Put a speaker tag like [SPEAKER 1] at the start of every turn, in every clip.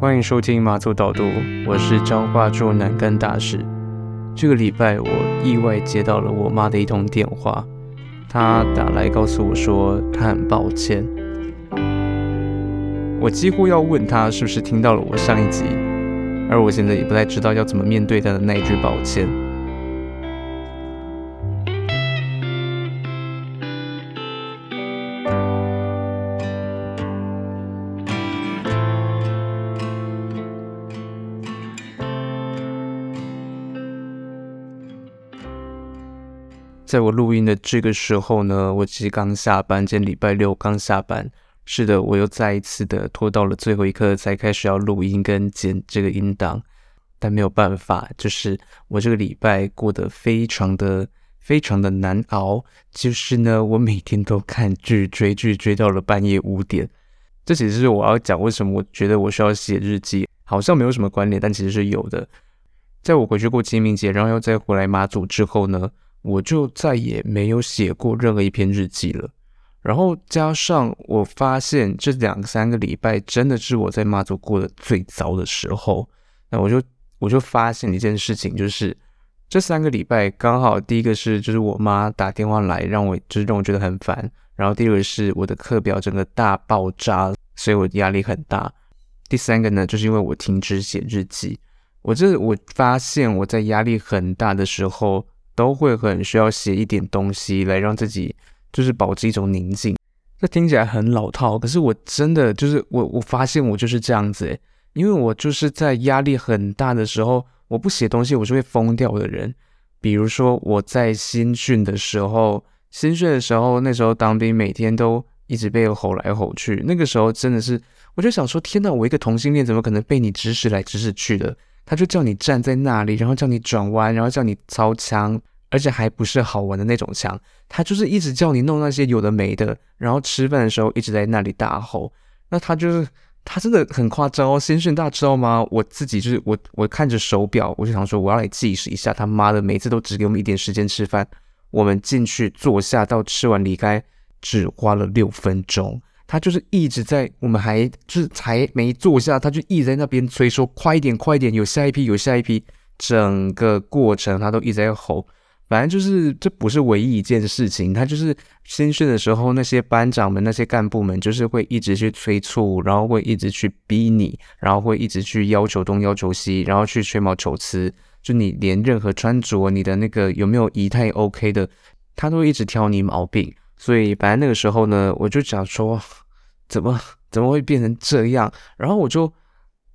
[SPEAKER 1] 歡迎收聽馬祖島讀，我是張化柱南竿大使。這個禮拜，我意外接到了我媽的一通電話，她打來告訴我說她很抱歉。我幾乎要問她是不是聽到了我上一集，而我現在也不太知道要怎麼面對她的那一句抱歉。在我錄音的這個時候呢，我其實剛下班，今天禮拜六剛下班。是的，我又再一次的拖到了最後一刻才開始要錄音跟剪這個音檔，但沒有辦法，就是我這個禮拜過得非常的非常的難熬。就是呢，我每天都看劇追劇，追到了半夜五點。這其實是我要講為什麼我覺得我需要寫日記，好像沒有什麼關聯，但其實是有的。在我回去過清明節，然後又再回來馬祖之後呢。我就再也沒有寫過任何一篇日記了。然後加上我發現這兩三個禮拜真的是我在媽祖過得最糟的時候。那我就我就發現一件事情，就是這三個禮拜剛好第一個是就是我媽打電話來，讓我就是讓我覺得很煩，然後第二個是我的課表整個大爆炸，所以我壓力很大。第三個呢，就是因為我停止寫日記，我這我發現我在壓力很大的時候。都會很需要寫一點東西來讓自己就是保持一種寧靜。這聽起來很老套，可是我真的就是我，我發現我就是這樣子。因為我就是在壓力很大的時候，我不寫東西我是會瘋掉的人。比如說我在新訓的時候，新訓的時候，那時候當兵每天都一直被吼來吼去，那個時候真的是我就想說，天吶，我一個同性戀怎麼可能被你指使來指使去的？他就叫你站在那裡，然後叫你轉彎，然後叫你操槍。而且還不是好玩的那種牆，他就是一直叫你弄那些有的沒的，然後吃飯的時候一直在那裡大吼，那他就是他真的很誇張哦！先生，大家知道嗎？我自己就是我，我看着手錶，我就想說，我要來計時一下，他媽的，每次都只給我們一點時間吃飯。我們進去坐下到吃完離開，只花了六分鐘。他就是一直在，我們還就是才沒坐下，他就一直在那邊催說：“快一點，快一點，有下一批，有下一批。”整個過程他都一直在吼。反正就是，這不是唯一一件事情。他就是新訓的時候，那些班長們、那些幹部們，就是會一直去催促，然後會一直去逼你，然後會一直去要求東、要求西，然後去吹毛求疵。就你連任何穿着、你的那個有沒有儀態 OK 的，他都會一直挑你毛病。所以，本來那個時候呢，我就想說，怎麼怎麼會變成這樣？然後我就。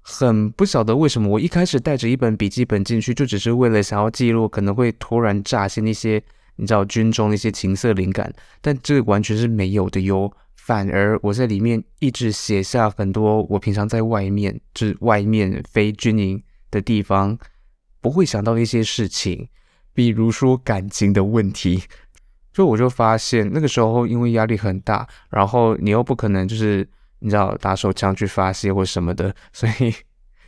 [SPEAKER 1] 很不曉得為什麼，我一開始帶着一本筆記本進去，就只是為了想要記錄可能會突然乍現一些，你知道軍中的一些情色靈感，但這個完全是沒有的喲。反而我在裡面一直寫下很多我平常在外面，就是外面非軍營的地方不會想到的一些事情，比如說感情的問題。就我就發現，那個時候因為壓力很大，然後你又不可能就是。你知道打手槍去發洩或什麼的，所以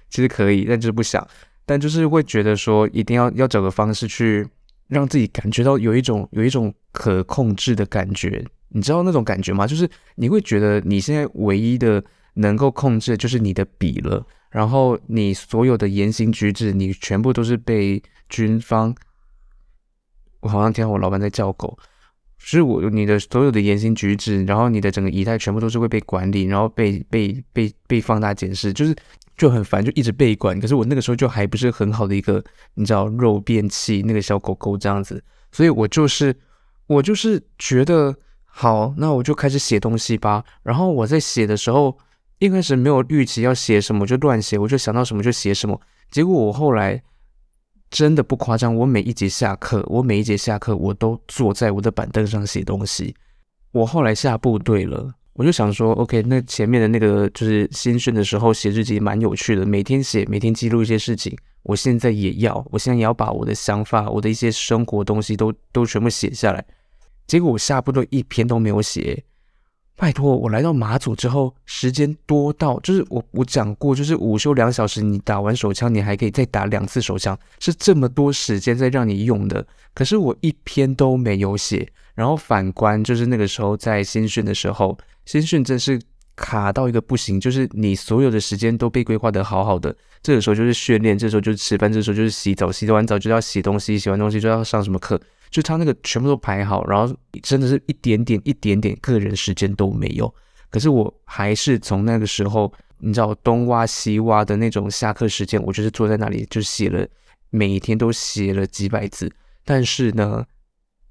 [SPEAKER 1] 其實可以，但就是不想，但就是會覺得說，一定要要找個方式去讓自己感覺到有一種有一種可控制的感覺，你知道那種感覺嗎？就是你會覺得你現在唯一的能夠控制的就是你的筆了，然後你所有的言行舉止，你全部都是被軍方。我好像聽到我老板在叫狗。就是我你的所有的言行舉止，然後你的整個儀態全部都是會被管理，然後被被被被放大檢視，就是就很煩，就一直被管。可是我那個時候就還不是很好的一個，你知道肉便器那個小狗狗這樣子，所以我就是我就是覺得好，那我就開始寫東西吧。然後我在寫的時候一開始沒有預期要寫什麼就亂寫，我就想到什麼就寫什麼，結果我後來。真的不誇張，我每一節下課，我每一節下課，我都坐在我的板凳上寫東西。我後來下部隊了，我就想說，OK，那前面的那個就是新訓的時候寫日記蠻有趣的，每天寫，每天記錄一些事情。我現在也要，我現在也要把我的想法，我的一些生活東西都都全部寫下來。結果我下部隊一篇都沒有寫。拜託，我來到馬祖之後，時間多到，就是我我講過，就是午休兩小時，你打完手槍，你還可以再打兩次手槍，是這麼多時間在讓你用的。可是我一篇都沒有寫。然後反觀就是那個時候在新訓的時候，新訓真是卡到一個不行，就是你所有的時間都被規劃得好好的，這個時候就是訓練，這個時候就是吃飯，這個時候就是洗澡，洗完澡就要洗東西，洗完東西就要上什麼課。就他那個全部都排好，然後真的是一點點、一點點個人時間都沒有。可是我還是從那個時候，你知道東挖西挖的那種下課時間，我就是坐在那裡就寫了，每一天都寫了幾百字。但是呢，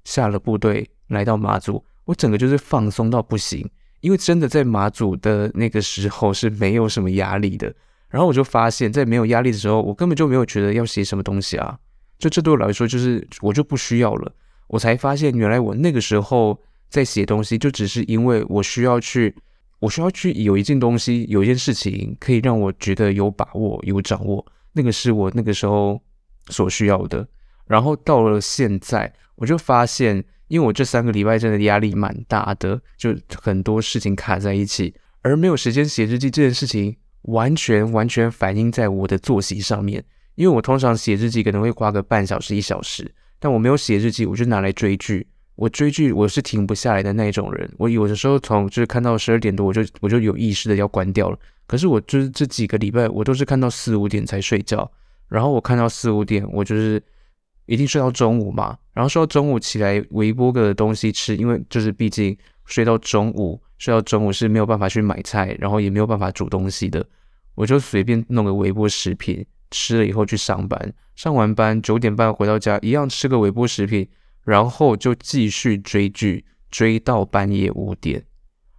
[SPEAKER 1] 下了部隊來到馬祖，我整個就是放鬆到不行，因為真的在馬祖的那個時候是沒有什麼壓力的。然後我就發現，在沒有壓力的時候，我根本就沒有覺得要寫什麼東西啊。就這對我來說，就是我就不需要了。我才發現，原來我那個時候在寫東西，就只是因為我需要去，我需要去有一件東西，有一件事情可以讓我覺得有把握、有掌握，那個是我那個時候所需要的。然後到了現在，我就發現，因為我這三個禮拜真的壓力蠻大的，就很多事情卡在一起，而沒有時間寫日記這件事情，完全完全反映在我的作息上面。因為我通常寫日記，可能會花個半小時一小時，但我沒有寫日記，我就拿來追劇。我追劇，我是停不下來的那一種人。我有的時候從就是看到十二點多，我就我就有意識的要關掉了。可是我就是這幾個禮拜，我都是看到四五點才睡覺。然後我看到四五點，我就是一定睡到中午嘛。然後睡到中午起來，微波個東西吃，因為就是畢竟睡到中午，睡到中午是沒有辦法去買菜，然後也沒有辦法煮東西的。我就隨便弄個微波食品。吃了以後去上班，上完班九點半回到家，一樣吃個微波食品，然後就繼續追劇，追到半夜五點，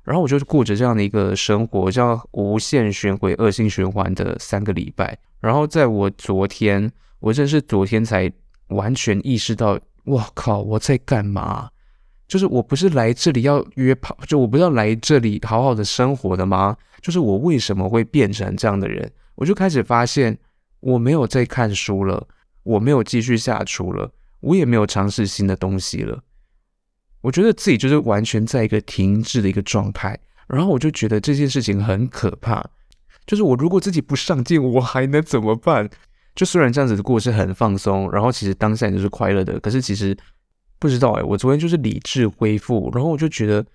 [SPEAKER 1] 然後我就過着這樣的一個生活，這樣無限循環、惡性循環的三個禮拜。然後在我昨天，我真是昨天才完全意識到，我靠，我在幹嘛？就是我不是來這裡要約炮，就我不是要來這裡好好的生活的嗎？就是我為什麼會變成這樣的人？我就開始發現。我沒有再看書了，我沒有繼續下廚了，我也沒有嘗試新的東西了。我覺得自己就是完全在一個停滯的一個狀態，然後我就覺得這件事情很可怕。就是我如果自己不上進，我還能怎麼辦？就雖然這樣子的故事很放鬆，然後其實當下你就是快樂的，可是其實不知道欸，我昨天就是理智恢復，然後我就覺得。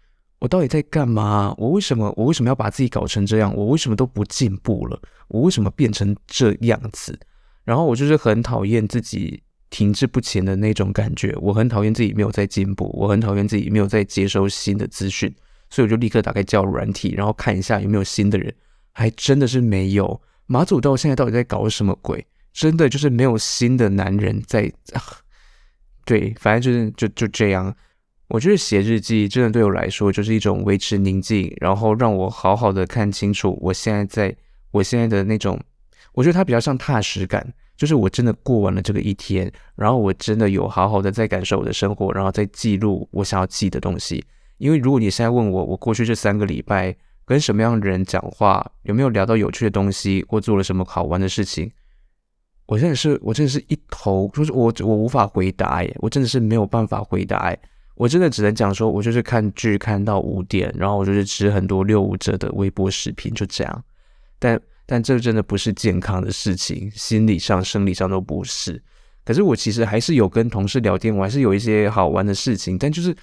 [SPEAKER 1] 我到底在幹嘛？我為什麼？我為什麼要把自己搞成這樣？我為什麼都不進步了？我為什麼變成這樣子？然後我就是很討厭自己停滯不前的那種感覺。我很討厭自己沒有在進步，我很討厭自己沒有在接收新的資訊。所以我就立刻打開交友軟體，然後看一下有沒有新的人。還真的是沒有。馬祖到現在到底在搞什麼鬼？真的就是沒有新的男人在。啊，對，反正就是就就這樣。我覺得寫日記真的對我來說就是一種維持寧靜，然後讓我好好的看清楚我現在在我現在的那種，我覺得它比較像踏實感，就是我真的過完了這個一天，然後我真的有好好的在感受我的生活，然後再記錄我想要記的東西。因為如果你現在問我，我過去這三個禮拜跟什麼樣的人講話，有沒有聊到有趣的東西，或做了什麼好玩的事情，我真的是我真的是一頭，就是我我無法回答耶，我真的是沒有辦法回答耶。我真的只能講說，我就是看劇看到五點，然後我就是吃很多六五折的微波食品，就這樣。但但這真的不是健康的事情，心理上、生理上都不是。可是我其實還是有跟同事聊天，我還是有一些好玩的事情。但就是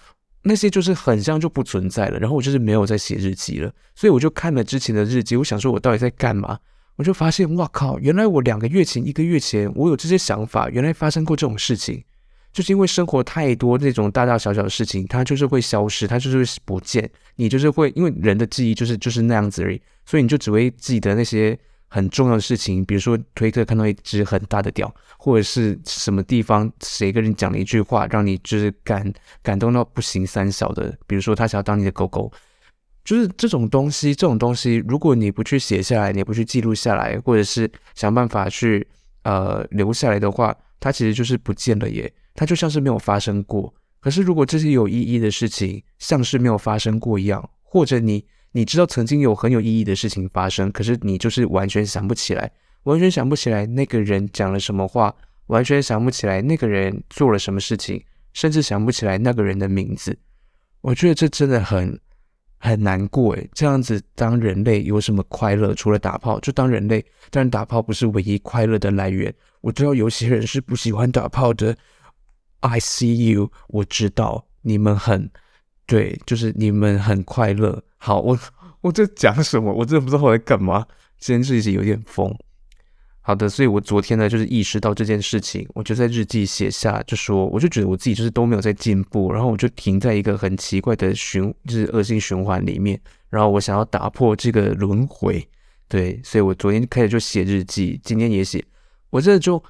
[SPEAKER 1] 那些就是很像就不存在了，然後我就是沒有再寫日記了。所以我就看了之前的日記，我想說我到底在幹嘛？我就發現，哇靠！原來我兩個月前、一個月前我有這些想法，原來發生過這種事情。就是因為生活太多那種大大小小的事情，它就是會消失，它就是會不見。你就是會因為人的記憶就是就是那樣子而已。所以你就只會記得那些很重要的事情，比如說推特看到一隻很大的鳥，或者是什麼地方誰跟你講了一句話，讓你就是感感動到不行三小的，比如說他想要當你的狗狗，就是這種東西，這種東西，如果你不去寫下來，你也不去記錄下來，或者是想辦法去呃留下來的話，它其實就是不見了耶。它就像是沒有發生過。可是，如果這些有意義的事情像是沒有發生過一樣，或者你你知道曾經有很有意義的事情發生，可是你就是完全想不起來，完全想不起來那個人講了什麼話，完全想不起來那個人做了什麼事情，甚至想不起來那個人的名字。我覺得這真的很很難過誒，這樣子當人類有什麼快樂？除了打炮，就當人類。當然，打炮不是唯一快樂的來源。我知道有些人是不喜歡打炮的。I see you，我知道你們很對，就是你們很快樂。好，我我在講什麼？我真的不知道我在幹嘛。今天日記有點瘋。好的，所以我昨天呢，就是意識到這件事情，我就在日記寫下，就說，我就覺得我自己就是都沒有在進步，然後我就停在一個很奇怪的循，就是惡性循環裡面。然後我想要打破這個輪回，對，所以我昨天開始就寫日記，今天也寫。我真的就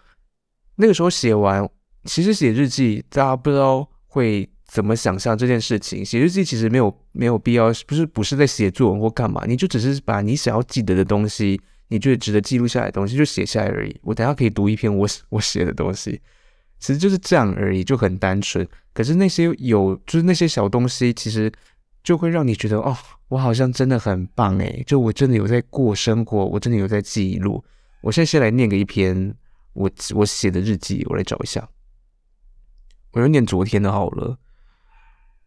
[SPEAKER 1] 那個時候寫完。其實寫日記，大家不知道會怎麼想象這件事情。寫日記其實沒有沒有必要，不是不是在寫作文或幹嘛，你就只是把你想要記得的東西，你覺得值得記錄下來的東西就寫下來而已。我等下可以讀一篇我我寫的東西，其實就是這樣而已，就很單純。可是那些有，就是那些小東西，其實就會讓你覺得哦，我好像真的很棒誒，就我真的有在過生活，我真的有在記錄。我現在先來念個一篇我我寫的日記，我來找一下。我就念昨天的，好了。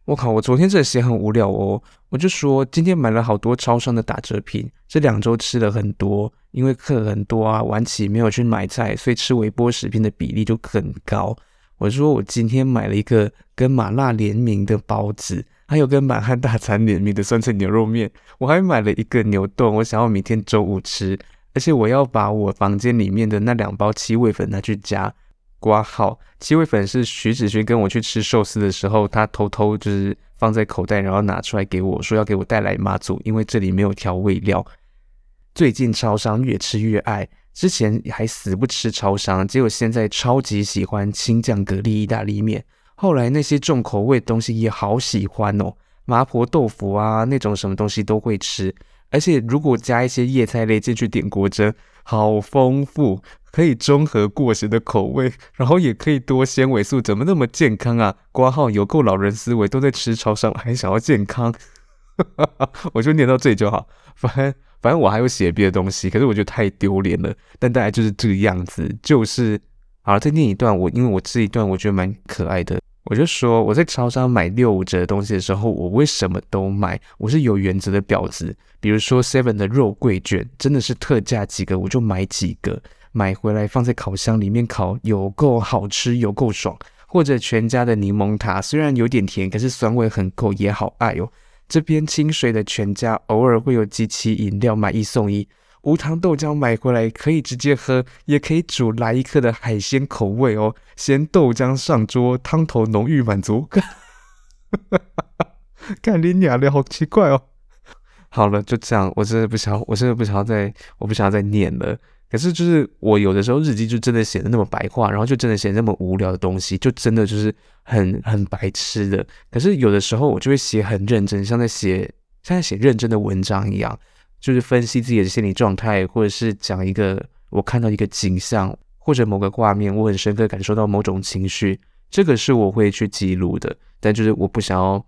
[SPEAKER 1] 我靠，我昨天這些很無聊哦。我就說今天買了好多超商的打折品，這兩周吃了很多，因為課很多啊，晚起沒有去買菜，所以吃微波食品的比例就很高。我說我今天買了一個跟麻辣聯名的包子，還有跟滿漢大餐聯名的酸菜牛肉麵，我還買了一個牛丼，我想要明天中午吃，而且我要把我房間裡面的那兩包七味粉拿去加。瓜號七位粉絲徐子軒，跟我去吃壽司的時候，他偷偷就是放在口袋，然後拿出來給我說，要給我帶來媽祖，因為這裡沒有調味料。最近超商越吃越愛，之前還死不吃超商，結果現在超級喜歡青醬蛤蜊意大利麵。後來那些重口味東西也好喜歡哦，麻婆豆腐啊那種什麼東西都會吃，而且如果加一些葉菜類進去點鍋蒸，好豐富。可以中和過食的口味，然後也可以多纖維素，怎麼那麼健康啊？掛號有夠老人思維，都在吃超商，還想要健康， 我就念到這裡就好。反正反正我還有寫別的東西，可是我覺得太丟臉了。但大概就是這個樣子，就是好了。再念一段，我因為我這一段我覺得蠻可愛的，我就說我在超商買六五折的東西的時候，我為什麼都買？我是有原則的婊子，比如說 Seven 的肉桂卷真的是特價幾個，我就買幾個。買回來放在烤箱裡面烤，有夠好吃，有夠爽。或者全家的檸檬塔，雖然有點甜，可是酸味很夠，也好愛哦。這邊清水的全家偶爾會有機器飲料買一送一，無糖豆漿買回來可以直接喝，也可以煮來一客的海鮮口味哦。鮮豆漿上桌，湯頭濃郁滿足，滿足感。哈哈哈哈幹你娘的，好奇怪哦。好了，就這樣，我真的不想，我真的不想再，我不想再念了。可是，就是我有的時候日記就真的寫的那麼白話，然後就真的寫那麼無聊的東西，就真的就是很很白痴的。可是有的時候我就會寫很認真，像在寫像在寫認真的文章一樣，就是分析自己的心理狀態，或者是講一個我看到一個景象或者某個畫面，我很深刻感受到某種情緒，這個是我會去記錄的。但就是我不想要，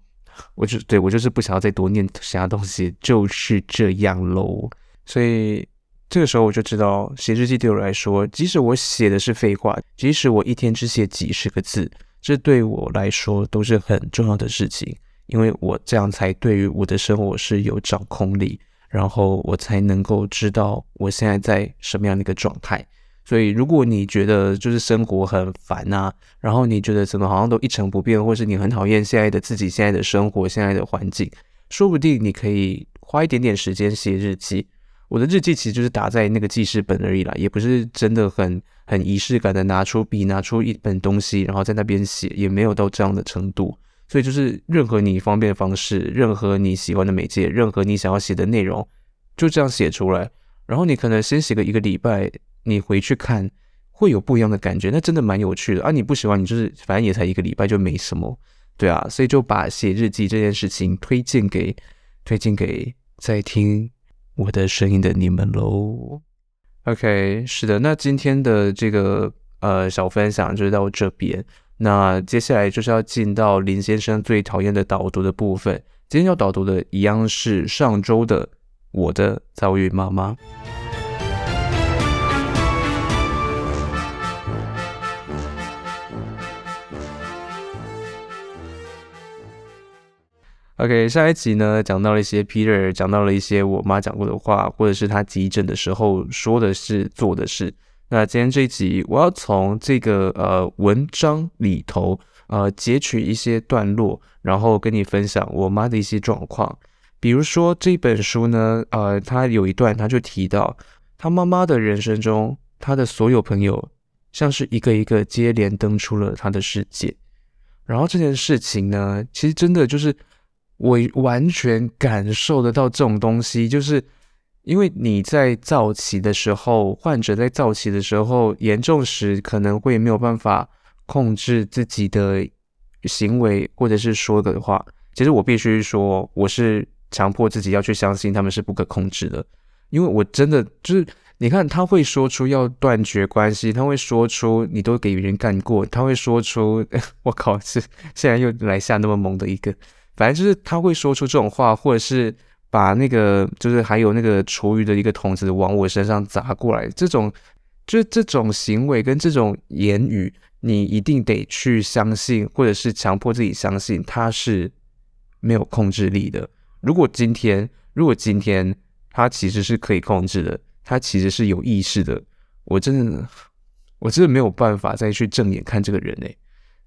[SPEAKER 1] 我就對我就是不想要再多念其他東西，就是這樣嘍。所以。這個時候我就知道，寫日記對我來說，即使我寫的是廢話，即使我一天只寫幾十個字，這對我來說都是很重要的事情，因為我這樣才對於我的生活是有掌控力，然後我才能夠知道我現在在什麼樣的一個狀態。所以，如果你覺得就是生活很煩啊，然後你覺得怎麼好像都一成不變，或是你很討厭現在的自己、現在的生活、現在的環境，說不定你可以花一點點時間寫日記。我的日記其實就是打在那個記事本而已啦，也不是真的很很儀式感的拿出筆拿出一本東西，然後在那邊寫，也沒有到這樣的程度。所以就是任何你方便的方式，任何你喜歡的媒介，任何你想要寫的內容，就這樣寫出來。然後你可能先寫個一個禮拜，你回去看會有不一樣的感覺，那真的蠻有趣的啊。你不喜歡你就是反正也才一個禮拜，就沒什麼，對啊。所以就把寫日記這件事情推薦給，推薦給在聽我的聲音的你們嘍，OK，是的，那今天的這個呃小分享就到這邊，那接下來就是要進到林先生最討厭的島讀的部分，今天要島讀的一樣是上周的我的躁鬱媽媽。OK，下一集呢講到了一些 Peter，講到了一些我媽講過的話，或者是她急診的時候說的是做的事。那今天這一集，我要從這個呃文章裡頭呃截取一些段落，然後跟你分享我媽的一些狀況。比如說這本書呢，呃，她有一段她就提到他媽媽的人生中，他的所有朋友像是一個一個接連登出了他的世界。然後這件事情呢，其實真的就是。我完全感受得到這種東西，就是因為你在躁期的時候，患者在躁期的時候，嚴重時可能會沒有辦法控制自己的行為或者是說的話。其實我必須說，我是強迫自己要去相信他們是不可控制的，因為我真的就是，你看他會說出要斷絕關係，他會說出你都給別人幹過，他會說出呵呵我靠，是現在又來下那麼猛的一個。反正就是他會說出這種話，或者是把那個就是還有那個廚餘的一個桶子往我身上砸過來，這種就是這種行為跟這種言語，你一定得去相信，或者是強迫自己相信他是沒有控制力的。如果今天，如果今天他其實是可以控制的，他其實是有意識的，我真的我真的沒有辦法再去正眼看這個人嘞、欸，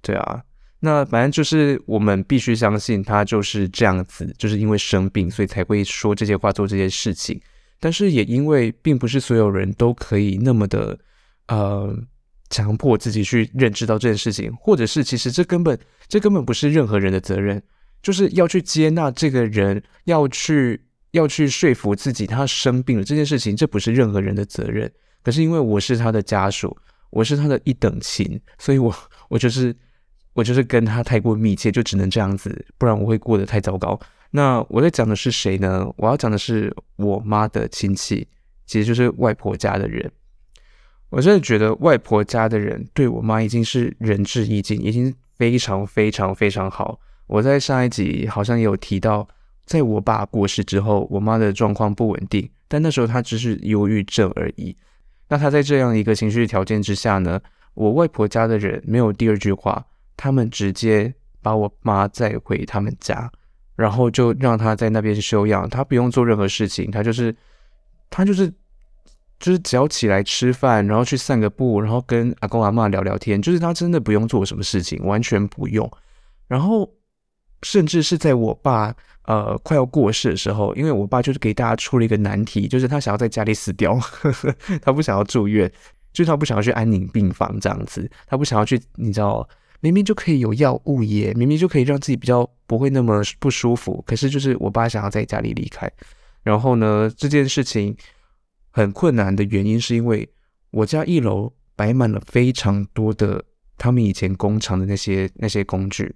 [SPEAKER 1] 對啊。那反正就是，我們必須相信他就是這樣子，就是因為生病，所以才會說這些話，做這些事情。但是也因為，並不是所有人都可以那麼的呃，強迫自己去認知到這件事情，或者是其實這根本這根本不是任何人的責任，就是要去接納這個人，要去要去說服自己他生病了這件事情，這不是任何人的責任。可是因為我是他的家屬，我是他的一等親，所以我我就是。我就是跟他太過密切，就只能這樣子，不然我會過得太糟糕。那我在講的是誰呢？我要講的是我媽的親戚，其實就是外婆家的人。我真的覺得外婆家的人對我媽已經是仁至義盡，已經非常非常非常好。我在上一集好像也有提到，在我爸過世之後，我媽的狀況不穩定，但那時候她只是憂鬱症而已。那她在這樣一個情緒條件之下呢，我外婆家的人沒有第二句話。他們直接把我媽帶回他們家，然後就讓他在那邊休養，他不用做任何事情，他就是他就是就是只要起來吃飯，然後去散個步，然後跟阿公阿嬤聊聊天，就是他真的不用做什麼事情，完全不用。然後甚至是在我爸呃快要過世的時候，因為我爸就是給大家出了一個難題，就是他想要在家裡死掉，呵呵，他不想要住院，就是他不想要去安寧病房這樣子，他不想要去，你知道。明明就可以有藥物耶，明明就可以讓自己比較不會那麼不舒服。可是就是我爸想要在家裡離開，然後呢，這件事情很困難的原因是因為我家一樓擺滿了非常多的他們以前工廠的那些那些工具。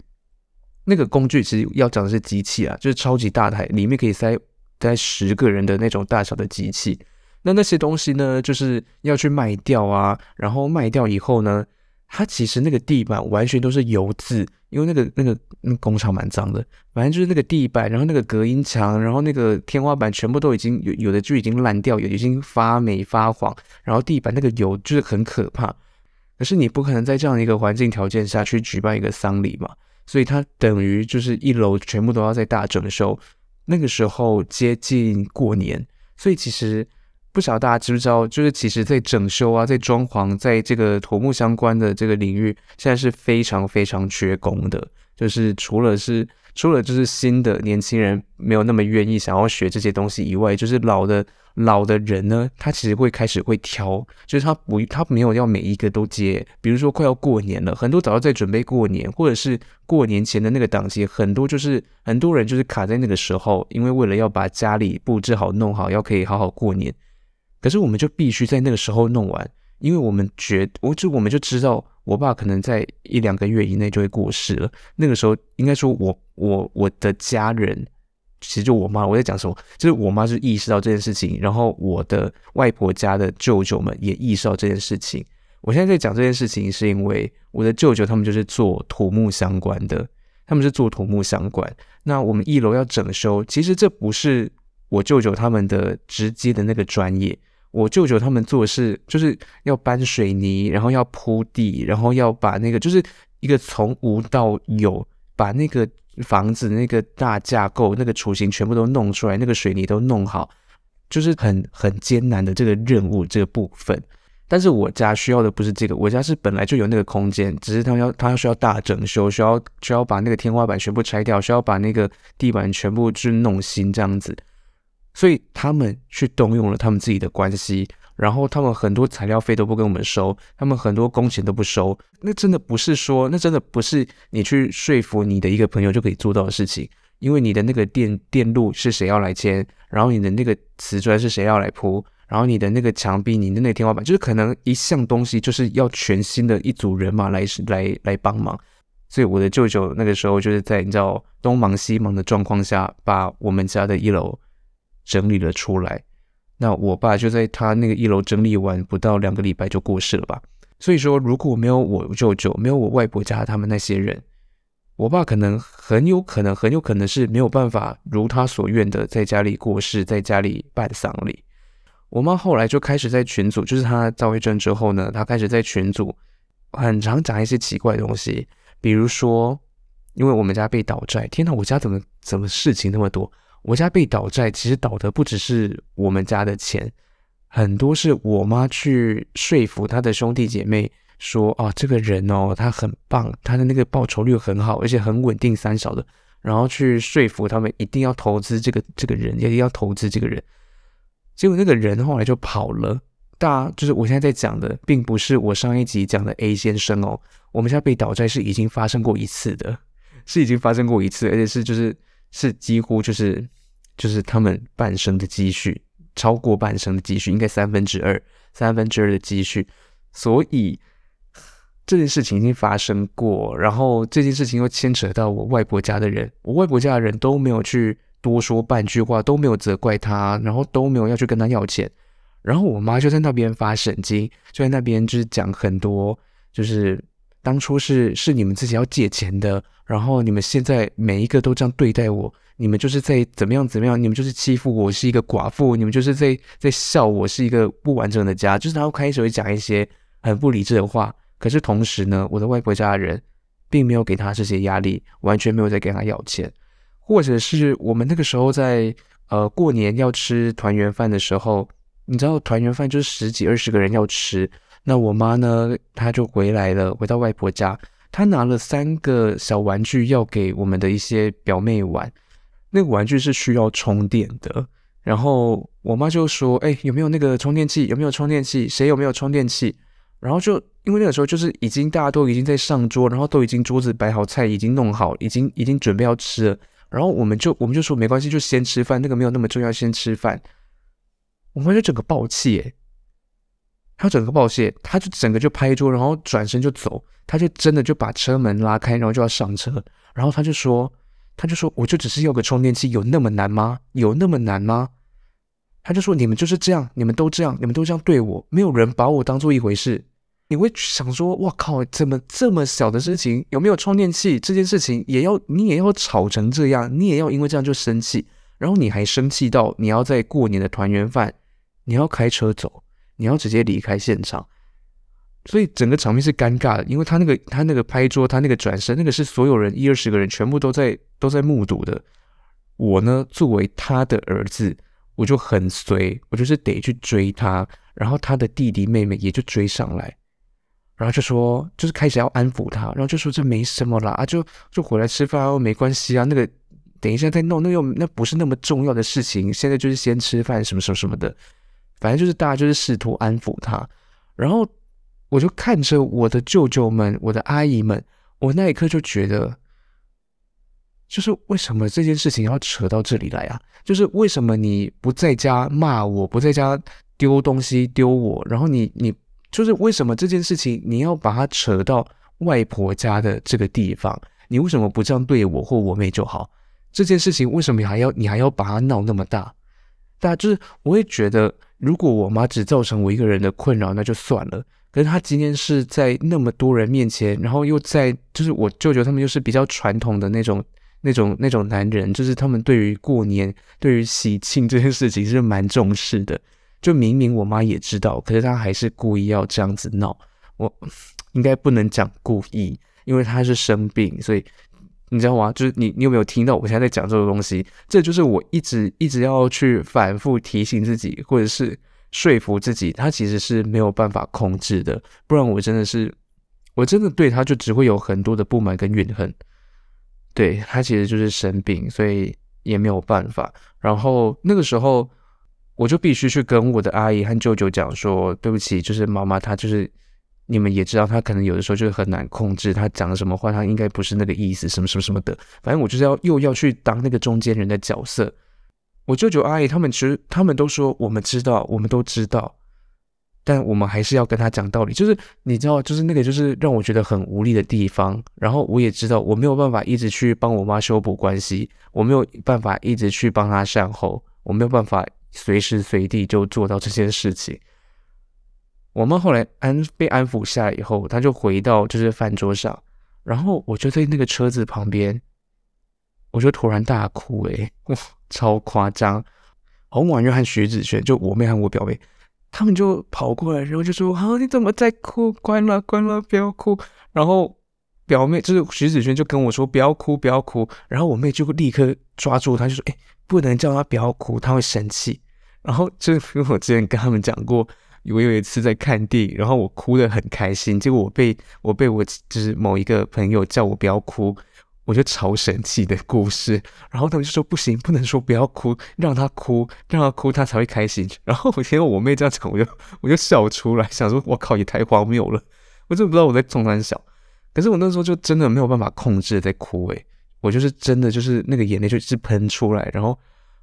[SPEAKER 1] 那個工具其實要講的是機器啊，就是超級大台，裡面可以塞塞十個人的那種大小的機器。那那些東西呢，就是要去賣掉啊，然後賣掉以後呢。它其實那個地板完全都是油漬，因為那個那個那工廠蠻髒的，反正就是那個地板，然後那個隔音牆，然後那個天花板全部都已經有有的就已經爛掉，有的已經發霉發黃，然後地板那個油就是很可怕。可是你不可能在這樣一個環境條件下去舉辦一個喪禮嘛，所以它等於就是一樓全部都要在大整的時候，那個時候接近過年，所以其實。不曉得大家知不知道，就是其實，在整修啊，在裝潢，在這個土木相關的這個領域，現在是非常非常缺工的。就是除了是除了就是新的年輕人沒有那麼願意想要學這些東西以外，就是老的老的人呢，他其實會開始會挑，就是他不他沒有要每一個都接。比如說快要過年了，很多早就在準備過年，或者是過年前的那個檔期，很多就是很多人就是卡在那個時候，因為為了要把家裡佈置好、弄好，要可以好好過年。可是我們就必須在那個時候弄完，因為我們覺，我就我們就知道，我爸可能在一兩個月以內就會過世了。那個時候，應該說我，我我我的家人，其實就我媽。我在講什麼？就是我媽是意識到這件事情，然後我的外婆家的舅舅們也意識到這件事情。我現在在講這件事情，是因為我的舅舅他們就是做土木相關的，他們是做土木相關。那我們一樓要整修，其實這不是我舅舅他們的直接的那個專業。我舅舅他們做事就是要搬水泥，然後要鋪地，然後要把那個就是一個從無到有，把那個房子那個大架構那個雛形全部都弄出來，那個水泥都弄好，就是很很艱難的這個任務這個部分。但是我家需要的不是這個，我家是本來就有那個空間，只是他要他需要大整修，需要需要把那個天花板全部拆掉，需要把那個地板全部去弄新這樣子。所以他們去動用了他們自己的關係，然後他們很多材料費都不跟我們收，他們很多工錢都不收。那真的不是說，那真的不是你去說服你的一個朋友就可以做到的事情。因為你的那個電電路是誰要來牽，然後你的那個瓷磚是誰要來鋪，然後你的那個牆壁、你的那個天花板，就是可能一項東西就是要全新的一組人馬來來來幫忙。所以我的舅舅那個時候就是在你知道東忙西忙的狀況下，把我們家的一樓，整理了出來，那我爸就在他那個一樓整理完，不到兩個禮拜就過世了吧。所以說，如果沒有我舅舅，沒有我外婆家的他們那些人，我爸可能很有可能很有可能是沒有辦法如他所願的在家裡過世，在家裡辦喪禮。我媽後來就開始在群組，就是她躁鬱症之後呢，她開始在群組很常講一些奇怪的東西，比如說，因為我們家被倒債，天哪，我家怎麼怎麼事情那麼多。我家被倒債，其實倒的不只是我們家的錢，很多是我媽去說服她的兄弟姐妹說，說、哦、啊這個人哦，他很棒，他的那個報酬率很好，而且很穩定，三小的，然後去說服他們一定要投資這個這個人，一定要投資這個人。結果那個人後來就跑了。大就是我現在在講的，並不是我上一集講的 A 先生哦，我們家被倒債是已經發生過一次的，是已經發生過一次，而且是就是。是幾乎就是就是他們半生的積蓄，超過半生的積蓄，應該三分之二，三分之二的積蓄。所以這件事情已經發生過，然後這件事情又牽扯到我外婆家的人,我外婆家的人都沒有去多說半句話，都沒有責怪他，然後都沒有要去跟他要錢，然後我媽就在那邊發神經，就在那邊就是講很多就是。當初是是你們自己要借錢的，然後你們現在每一個都這樣對待我，你們就是在怎麼樣怎麼樣，你們就是欺負我是一個寡婦，你們就是在在笑我是一個不完整的家，就是然後開始會講一些很不理智的話。可是同時呢，我的外婆家的人並沒有給他這些壓力，完全沒有在跟他要錢，或者是我們那個時候在呃過年要吃團圓飯的時候，你知道團圓飯就是十幾二十個人要吃。那我媽呢？她就回來了，回到外婆家。她拿了三個小玩具要給我們的一些表妹玩，那個玩具是需要充電的。然後我媽就說：“哎、欸，有沒有那個充電器？有沒有充電器？誰有沒有充電器？”然後就因為那個時候就是已經大家都已經在上桌，然後都已經桌子擺好菜，已經弄好，已經已經準備要吃了。然後我們就我們就說沒關係，就先吃飯，那個沒有那麼重要，先吃飯。我媽就整個爆氣誒、欸。他整個爆洩，他就整個就拍桌，然後轉身就走。他就真的就把車門拉開，然後就要上車。然後他就說：“他就說，我就只是要個充電器，有那麼難嗎？有那麼難嗎？”他就說：“你們就是這樣，你們都這樣，你們都這樣對我，沒有人把我當做一回事。”你會想說：“哇靠，怎麼這麼小的事情，有沒有充電器這件事情也要你也要吵成這樣，你也要因為這樣就生氣，然後你還生氣到你要在過年的團圓飯，你要開車走。”你要直接離開現場，所以整個場面是尷尬的。因為他那個，他那個拍桌，他那個轉身，那個是所有人一二十個人全部都在都在目睹的。我呢，作為他的兒子，我就很隨，我就是得去追他。然後他的弟弟妹妹也就追上來，然後就說，就是開始要安撫他，然後就說，這沒什麼啦，啊、就就回來吃飯哦，沒關係啊。那個等一下再弄，那又、個、那不是那麼重要的事情，現在就是先吃飯，什麼什麼什麼的。反正就是大家就是試圖安撫她，然後我就看着我的舅舅們、我的阿姨們，我那一刻就覺得，就是為什麼這件事情要扯到這裡來啊？就是為什麼你不在家罵我，不在家丟東西丟我，然後你你就是為什麼這件事情你要把它扯到外婆家的這個地方？你為什麼不這樣對我或我妹就好？這件事情為什麼還要你還要把它鬧那麼大？大家就是我會覺得。如果我媽只造成我一個人的困擾，那就算了。可是她今天是在那麼多人面前，然後又在，就是我舅舅他們又是比較傳統的那種、那種、那種男人，就是他們對於過年、對於喜慶這件事情是蠻重視的。就明明我媽也知道，可是她還是故意要這樣子鬧。我應該不能講故意，因為她是生病，所以。你知道嗎？就是你，你有沒有聽到我現在在講這個東西？這就是我一直一直要去反覆提醒自己，或者是說服自己，他其實是沒有辦法控制的。不然我真的是，我真的對他就只會有很多的不滿跟怨恨。對，他其實就是生病，所以也沒有辦法。然後那個時候，我就必須去跟我的阿姨和舅舅講說：“對不起，就是媽媽，她就是。”你們也知道，他可能有的時候就很難控制，他講的什麼話，他應該不是那個意思，什麼什麼什麼的。反正我就是要又要去當那個中間人的角色。我舅舅阿姨他們其實他們都說，我們知道，我們都知道，但我們還是要跟他講道理。就是你知道，就是那個就是讓我覺得很無力的地方。然後我也知道，我沒有辦法一直去幫我媽修補關係，我沒有辦法一直去幫她善後，我沒有辦法隨時隨地就做到這些事情。我媽後來安被安撫下來以後，她就回到就是飯桌上，然後我就在那個車子旁邊，我就突然大哭，哎，超誇張！紅婉月和徐子軒，就我妹和我表妹，他們就跑過來，然後就說：“啊，你怎麼在哭？關了，關了，不要哭。”然後表妹就是徐子軒就跟我說：“不要哭，不要哭。”然後我妹就立刻抓住她，就說：“哎，不能叫她不要哭，她會生氣。”然後就跟我之前跟他們講過。我有一次在看電影，然後我哭得很開心，結果我被我被我就是某一個朋友叫我不要哭，我就超生氣的故事。然後他們就說不行，不能說不要哭，讓他哭，讓他哭，他才會開心。然後我聽到我妹這樣講，我就我就笑出來，想說我靠，也太荒謬了，我就不知道我在從哪裡笑。可是我那時候就真的沒有辦法控制在哭誒，我就是真的就是那個眼淚就一直噴出來，然後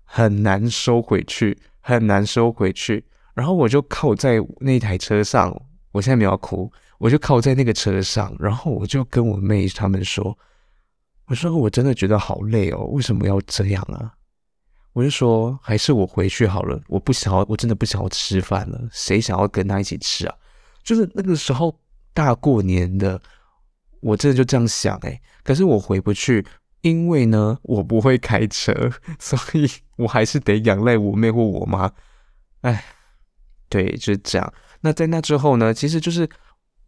[SPEAKER 1] 很難收回去，很難收回去。然後我就靠在那台車上，我現在沒有哭，我就靠在那個車上。然後我就跟我妹他們說：“我說我真的覺得好累哦，為什麼要這樣啊？”我就說：“還是我回去好了，我不想要，我真的不想要吃飯了。誰想要跟他一起吃啊？就是那個時候大過年的，我真的就這樣想哎。可是我回不去，因為呢我不會開車，所以我還是得仰賴我妹或我媽。哎。”對，就是這樣。那在那之後呢？其實就是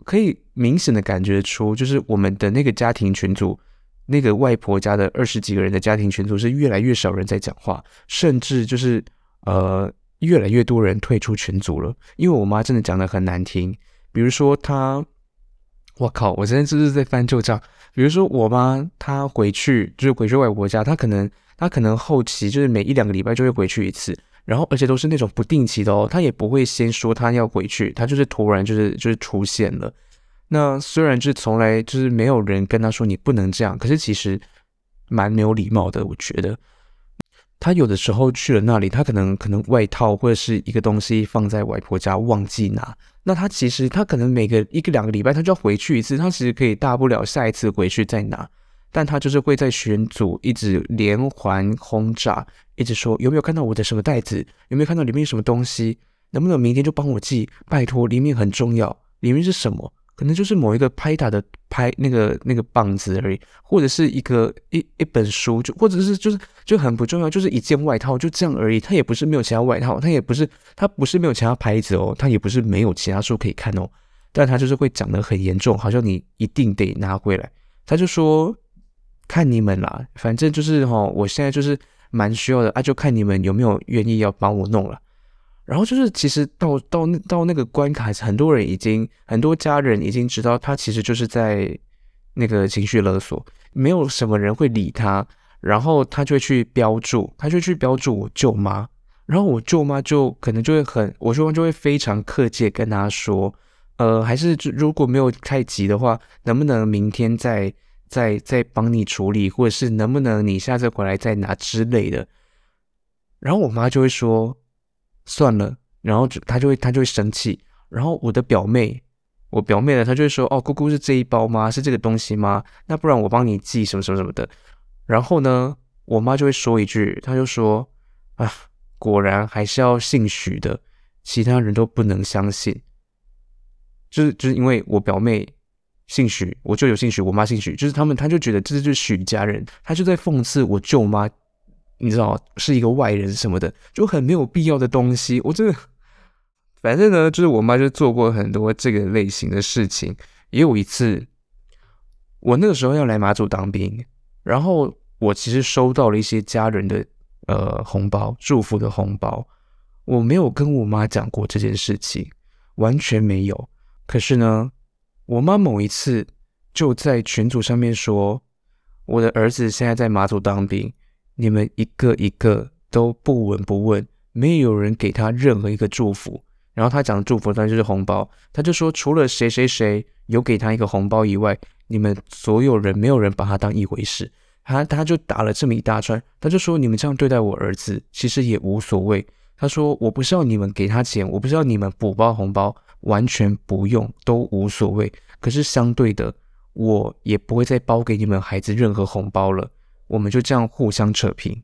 [SPEAKER 1] 可以明顯的感覺出，就是我們的那個家庭群組，那個外婆家的二十幾個人的家庭群組是越來越少人在講話，甚至就是呃，越來越多人退出群組了。因為我媽真的講的很難聽，比如說她，我靠，我現在就是在翻舊賬。比如說我媽，她回去就是回去外婆家，她可能她可能後期就是每一兩個禮拜就會回去一次。然後，而且都是那種不定期的哦，他也不會先說他要回去，他就是突然就是就是出現了。那雖然就是從來就是沒有人跟他說，你不能這樣，可是其實蠻沒有禮貌的，我覺得。他有的時候去了那裡，他可能可能外套或者是一個東西放在外婆家忘記拿，那他其實他可能每個一個兩個禮拜他就要回去一次，他其實可以大不了下一次回去再拿。但他就是會在選組一直連環轟炸，一直說有沒有看到我的什麼袋子？有沒有看到裡面有什麼東西？能不能明天就幫我寄？拜托，裡面很重要，裡面是什麼？可能就是某一個拍打的拍那個那個棒子而已，或者是一個一一本書，就或者是就是就很不重要，就是一件外套，就這樣而已。他也不是沒有其他外套，他也不是他不是沒有其他拍子哦，他也不是沒有其他書可以看哦，但他就是會講得很嚴重，好像你一定得拿回來。他就說。看你們啦，反正就是吼。我現在就是蠻需要的啊，就看你們有沒有願意要幫我弄了。然後就是，其實到到到那個關卡，很多人已經，很多家人已經知道他其實就是在那個情緒勒索，沒有什麼人會理他，然後他就去標注，他就去標注我舅媽，然後我舅媽就可能就會很，我舅媽就會非常客氣跟他說，呃，還是如果沒有太急的話，能不能明天再。再再幫你處理，或者是能不能你下次回來再拿之類的，然後我媽就會說算了，然後就她就會她就會生氣，然後我的表妹，我表妹呢，她就會說哦，姑姑是這一包嗎？是這個東西嗎？那不然我幫你寄什麼什麼什麼的。然後呢，我媽就會說一句，她就說啊，果然還是要姓許的，其他人都不能相信，就是就是因為我表妹。姓許，我舅舅姓許，我媽姓許，就是他們，他就覺得這是許家人，他就在諷刺我舅媽，你知道是一個外人什麼的，就很沒有必要的東西。我真的，反正呢，就是我媽就做過很多這個類型的事情。也有一次，我那個時候要來馬祖當兵，然後我其實收到了一些家人的呃紅包，祝福的紅包，我沒有跟我媽講過這件事情，完全沒有。可是呢。我媽某一次就在群組上面說，我的兒子現在在馬祖當兵，你們一個一個都不聞不問，沒有人給他任何一個祝福。然後他講的祝福那就是紅包，他就說除了誰誰誰有給他一個紅包以外，你們所有人沒有人把他當一回事。他他就打了這麼一大串，他就說你們這樣對待我兒子，其實也無所謂。他說：“我不是要你們給他錢，我不是要你們補包紅包，完全不用都無所謂。可是相對的，我也不會再包給你們孩子任何紅包了。我們就這樣互相扯平。”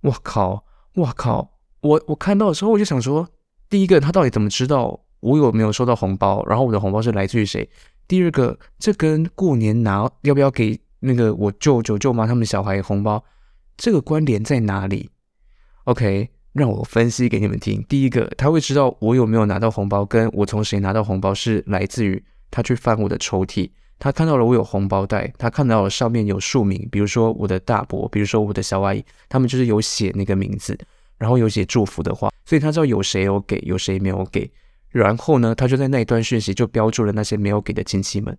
[SPEAKER 1] 我靠！我靠！我我看到的時候我就想說：第一個，他到底怎麼知道我有沒有收到紅包？然後我的紅包是來自於誰？第二個，這跟過年拿要不要給那個我舅舅舅媽他們小孩紅包，這個關聯在哪裡？OK。讓我分析給你們聽。第一個，他會知道我有沒有拿到紅包，跟我從誰拿到紅包是來自於他去翻我的抽屜，他看到了我有紅包袋，他看到了上面有署名，比如說我的大伯，比如說我的小阿姨，他們就是有寫那個名字，然後有寫祝福的話，所以他知道有誰有給，有誰沒有給。然後呢，他就在那一段訊息就標注了那些沒有給的親戚們。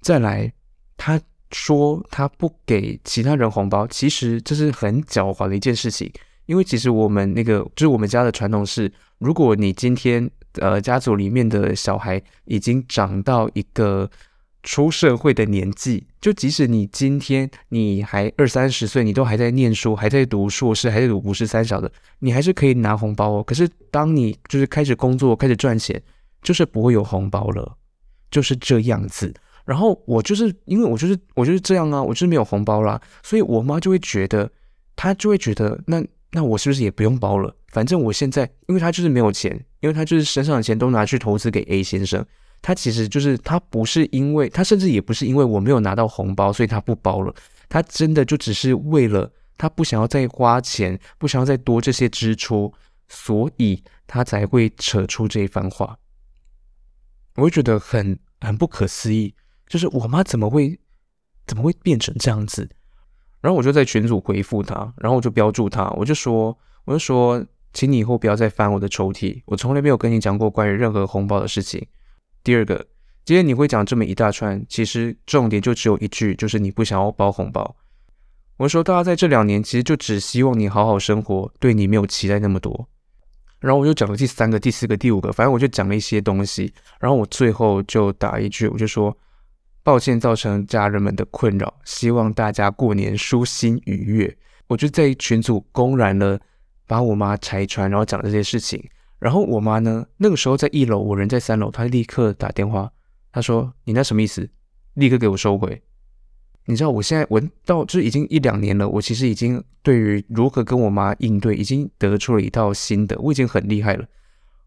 [SPEAKER 1] 再來，他說他不給其他人紅包，其實這是很狡猾的一件事情。因為其實我們那個就是我們家的傳統是，如果你今天呃家族裡面的小孩已經長到一個出社會的年紀，就即使你今天你還二三十歲，你都還在念書，還在讀碩士，還在讀博士三小的，你還是可以拿紅包哦。可是當你就是開始工作，開始賺錢，就是不會有紅包了，就是這樣子。然後我就是因為我就是我就是這樣啊，我就是沒有紅包啦，所以我媽就會覺得，她就會覺得那。那我是不是也不用包了？反正我現在，因為他就是沒有錢，因為他就是身上的錢都拿去投資給 A 先生。他其實就是他不是因為他，甚至也不是因為我沒有拿到紅包，所以他不包了。他真的就只是為了他不想要再花錢，不想要再多這些支出，所以他才會扯出這一番話。我會覺得很很不可思議，就是我媽怎麼會怎麼會變成這樣子？然後我就在群組回復他，然後我就標註他，我就說，我就說，請你以後不要再翻我的抽屜，我從來沒有跟你講過關於任何紅包的事情。第二個，今天你會講這麼一大串，其實重點就只有一句，就是你不想要包紅包。我說大家在這兩年其實就只希望你好好生活，對你沒有期待那麼多。然後我就講了第三個、第四個、第五個，反正我就講了一些東西。然後我最後就打一句，我就說。抱歉造成家人們的困擾，希望大家過年舒心愉悅。我就在群組公然了把我媽拆穿，然後講了這些事情。然後我媽呢，那個時候在一樓，我人在三樓，她立刻打電話，她說：“你那什麼意思？立刻給我收回！”你知道我現在，我到這已經一兩年了，我其實已經對於如何跟我媽應對，已經得出了一套新的，我已經很厲害了。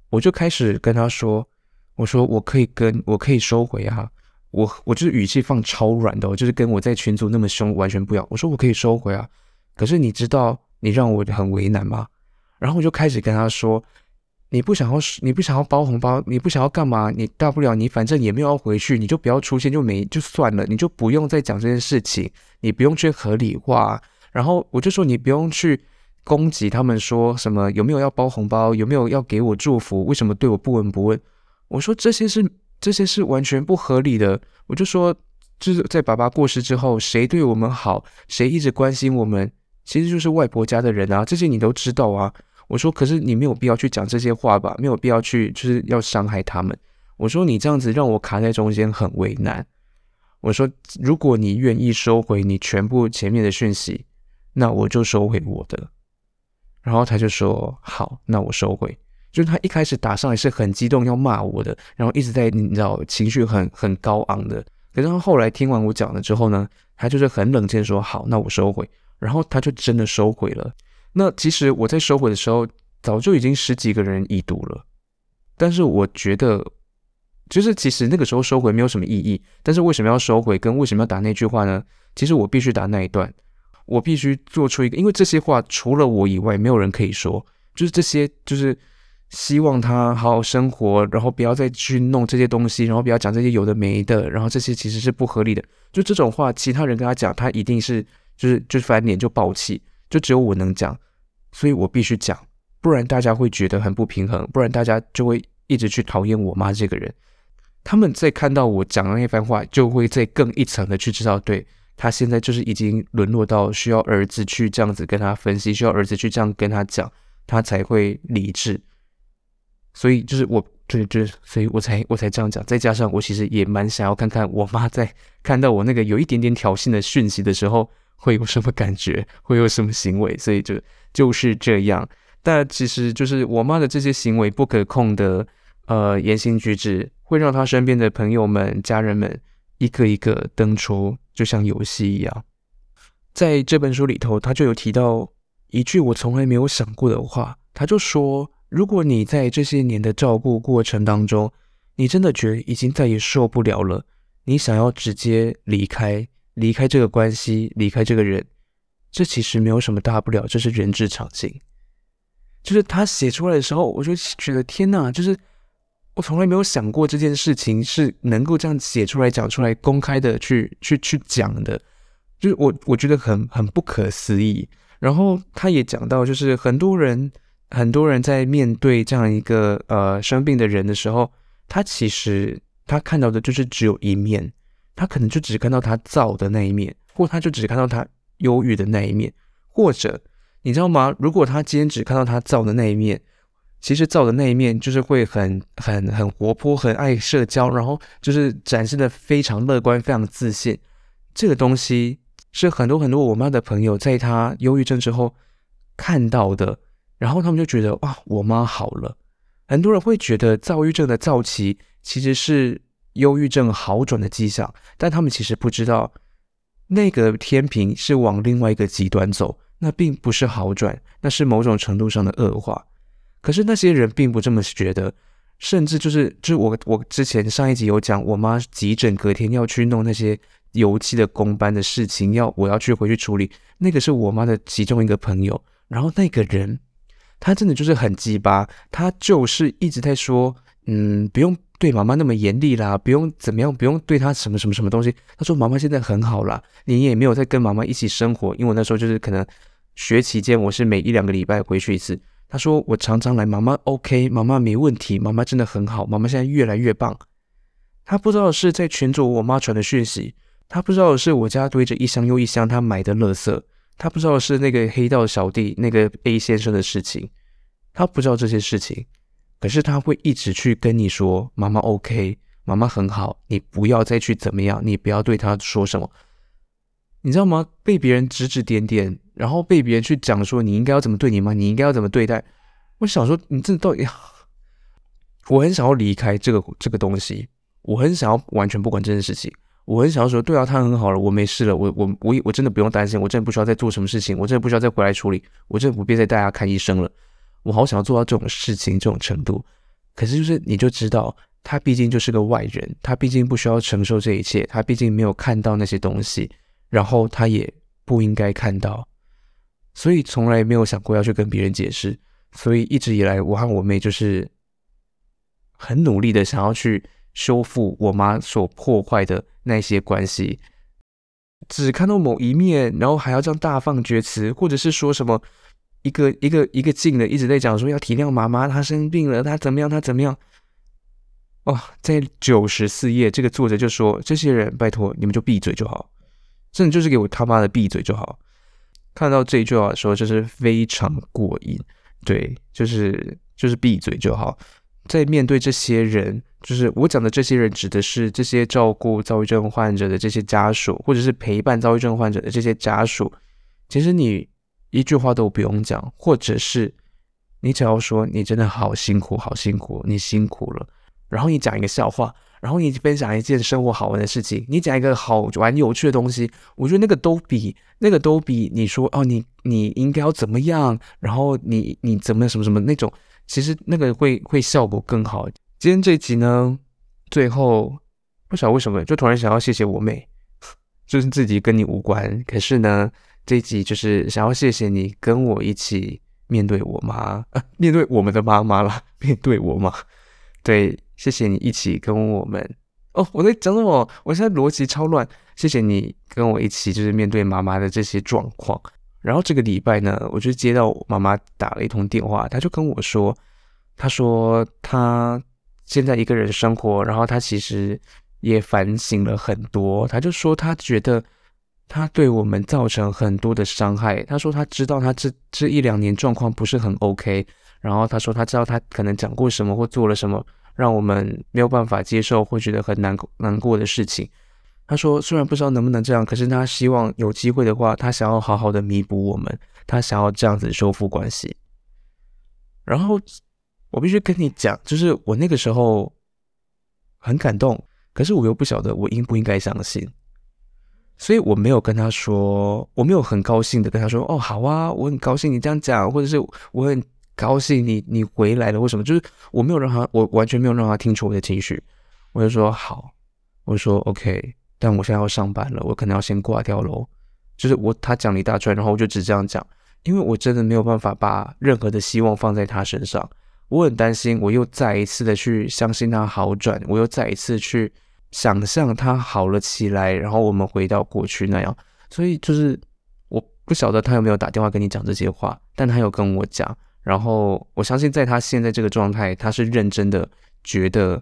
[SPEAKER 1] 我就開始跟她說：“我說我可以跟我可以收回啊。”我我就是語氣放超軟的哦，就是跟我在群組那麼凶完全不一樣。我說我可以收回啊，可是你知道你讓我很為難嗎？然後我就開始跟他說，你不想要你不想要包紅包，你不想要幹嘛？你大不了你反正也沒有要回去，你就不要出現，就沒就算了，你就不用再講這件事情，你不用去合理化啊。然後我就說你不用去攻擊他們說什麼有沒有要包紅包，有沒有要給我祝福，為什麼對我不聞不問？我說這些是。這些是完全不合理的，我就說，就是在爸爸過世之後，誰對我們好，誰一直關心我們，其實就是外婆家的人啊，這些你都知道啊。我說，可是你沒有必要去講這些話吧，沒有必要去，就是要傷害他們。我說，你這樣子讓我卡在中間很為難。我說，如果你願意收回你全部前面的訊息，那我就收回我的。然後他就說，好，那我收回。就是他一開始打上來是很激動要罵我的，然後一直在你知道情緒很很高昂的。可是他後來聽完我講了之後呢，他就是很冷靜地說好，那我收回。然後他就真的收回了。那其實我在收回的時候，早就已經十幾個人已讀了。但是我覺得，就是其實那個時候收回沒有什麼意義。但是為什麼要收回，跟為什麼要打那句話呢？其實我必須打那一段，我必須做出一個，因為這些話除了我以外，沒有人可以說。就是這些，就是。希望他好好生活，然後不要再去弄這些東西，然後不要講這些有的沒的，然後這些其實是不合理的。就這種話，其他人跟他講，他一定是就是就是翻臉就爆氣，就只有我能講，所以我必須講，不然大家會覺得很不平衡，不然大家就會一直去討厭我媽這個人。他們在看到我講的那番話，就會再更一層的去知道，對，他現在就是已經淪落到需要兒子去這樣子跟他分析，需要兒子去這樣跟他講，他才會理智。所以就是我，這這，所以我才我才這樣講。再加上我其實也蠻想要看看我媽在看到我那個有一點點挑釁的訊息的時候，會有什麼感覺，會有什麼行為。所以就就是這樣。但其實就是我媽的這些行為不可控的，呃，言行舉止會讓她身邊的朋友們、家人們一個一個登出，就像遊戲一樣。在這本書裡頭，她就有提到一句我從來沒有想過的話，她就說。如果你在這些年的照顧過程當中，你真的覺得已經再也受不了了，你想要直接離開，離開這個關係，離開這個人，這其實沒有什麼大不了，這是人之常情。就是他寫出來的時候，我就覺得天哪，就是我從來沒有想過這件事情是能夠這樣寫出來、講出來、公開的去去去講的，就是我我覺得很很不可思議。然後他也講到，就是很多人，很多人在面對這樣一個呃生病的人的時候，他其實他看到的就是只有一面，他可能就只看到他躁的那一面，或他就只看到他憂鬱的那一面，或者你知道嗎？如果他今天只看到他躁的那一面，其實躁的那一面就是會很很很活潑，很愛社交，然後就是展示的非常樂觀，非常自信。這個東西是很多很多我媽的朋友在她憂鬱症之後看到的。然後他們就覺得哇，我媽好了。很多人會覺得躁鬱症的躁期其實是憂鬱症好轉的跡象，但他們其實不知道，那個天平是往另外一個極端走，那並不是好轉，那是某種程度上的惡化。可是那些人並不這麼覺得，甚至就是就我我之前上一集有講，我媽急診隔天要去弄那些油漆的工班的事情，要我要去回去處理，那個是我媽的其中一個朋友，然後那個人。他真的就是很雞巴，他就是一直在說，嗯，不用對媽媽那麼嚴厲啦，不用怎麼樣，不用對她什麼什麼什麼東西。他說媽媽現在很好啦，你也沒有在跟媽媽一起生活，因為我那時候就是可能學期間，我是每一兩個禮拜回去一次。他說我常常來，媽媽 OK，媽媽沒問題，媽媽真的很好，媽媽現在越來越棒。他不知道的是，在群組我媽傳的訊息，他不知道的是我家堆着一箱又一箱他買的垃圾。他不知道是那個黑道小弟那個 A 先生的事情，他不知道這些事情，可是他會一直去跟你說：“媽媽 OK，媽媽很好，你不要再去怎麼樣，你不要對他說什麼。”你知道嗎？被別人指指點點，然後被別人去講說你應該要怎麼對你媽，你應該要怎麼對待？我想說，你真的到底？我很想要離開這個這個東西，我很想要完全不管這件事情。我很想要說，對啊，他很好了，我沒事了，我我我我真的不用擔心，我真的不需要再做什麼事情，我真的不需要再回來處理，我真的不必再帶他看醫生了，我好想要做到這種事情這種程度，可是就是你就知道，他畢竟就是個外人，他畢竟不需要承受這一切，他畢竟沒有看到那些東西，然後他也不應該看到，所以從來沒有想過要去跟別人解釋，所以一直以來我和我妹就是很努力的想要去。修復我媽所破壞的那些關係，只看到某一面，然後還要這樣大放厥詞，或者是說什麼一個一個一個勁的一直在講說要體諒媽媽，她生病了，她怎麼樣，她怎麼樣？哦，在九十四頁，這個作者就說：“這些人，拜托你們就閉嘴就好，甚至就是給我他媽的閉嘴就好。”看到這句話的時候，就是非常過癮，對，就是就是閉嘴就好，在面對這些人。就是我講的這些人指的是這些照顧躁鬱症患者的這些家屬，或者是陪伴躁鬱症患者的這些家屬。其實你一句話都不用講，或者是你只要說你真的好辛苦，好辛苦，你辛苦了。然後你講一個笑話，然後你分享一件生活好玩的事情，你講一個好玩有趣的東西。我覺得那個都比那個都比你說哦，你你應該要怎麼樣，然後你你怎麼什麼什麼那種，其實那個會會效果更好。今天這一集呢，最後不曉得為什麼，就突然想要謝謝我妹，就是自己跟你無關。可是呢，這一集就是想要謝謝你跟我一起面對我媽、啊，面對我們的媽媽啦。面對我媽。對，謝謝你一起跟我們。哦，我在講什麼？我現在邏輯超亂。謝謝你跟我一起，就是面對媽媽的這些狀況。然後這個禮拜呢，我就接到媽媽打了一通電話，她就跟我說，她說她……現在一個人生活，然後他其實也反省了很多。他就說，他覺得他對我們造成很多的傷害。他說，他知道他這這一兩年狀況不是很 OK。然後他說，他知道他可能講過什麼或做了什麼，讓我們沒有辦法接受或覺得很難難過的事情。他說，雖然不知道能不能這樣，可是他希望有機會的話，他想要好好的彌補我們，他想要這樣子修復關係。然後。我必須跟你講，就是我那個時候很感動，可是我又不曉得我應不應該相信，所以我沒有跟他說，我沒有很高興的跟他說，哦，好啊，我很高興你這樣講，或者是我很高興你你回來了，為什麼？就是我沒有讓他，我完全沒有讓他聽出我的情緒，我就說好，我說 OK，但我現在要上班了，我可能要先掛掉嘍。就是我他講了一大串，然後我就只這樣講，因為我真的沒有辦法把任何的希望放在他身上。我很擔心，我又再一次的去相信他好轉，我又再一次去想象他好了起來，然後我們回到過去那樣。所以就是我不曉得他有沒有打電話跟你講這些話，但他有跟我講。然後我相信，在他現在這個狀態，他是認真的覺得，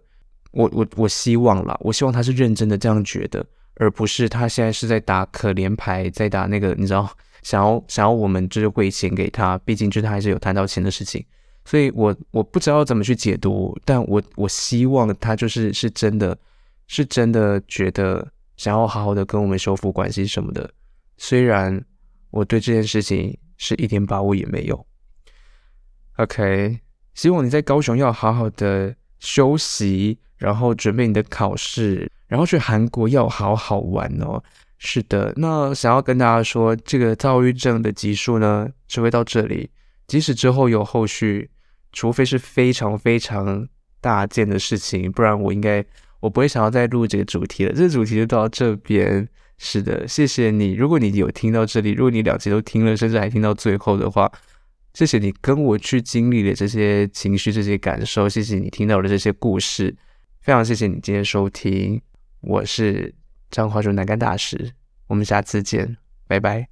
[SPEAKER 1] 我我我希望啦，我希望他是認真的這樣覺得，而不是他現在是在打可憐牌，在打那個你知道，想要想要我們這就匯錢給他，畢竟就他還是有談到錢的事情。所以我，我我不知道怎麼去解讀，但我我希望他就是是真的是真的覺得想要好好的跟我們修復關係什麼的。雖然我對這件事情是一點把握也沒有。OK，希望你在高雄要好好的休息，然後準備你的考試，然後去韓國要好好玩哦。是的，那想要跟大家說，這個躁鬱症的集數呢，就會到這裡。即使之後有後續，除非是非常非常大件的事情，不然我應該我不會想要再錄這個主題了。這個主題就到這邊。是的，謝謝你。如果你有聽到這裡，如果你兩集都聽了，甚至還聽到最後的話，謝謝你跟我去經歷的這些情緒、這些感受，謝謝你聽到我的這些故事，非常謝謝你今天收聽。我是張華竹南干大師，我們下次見，拜拜。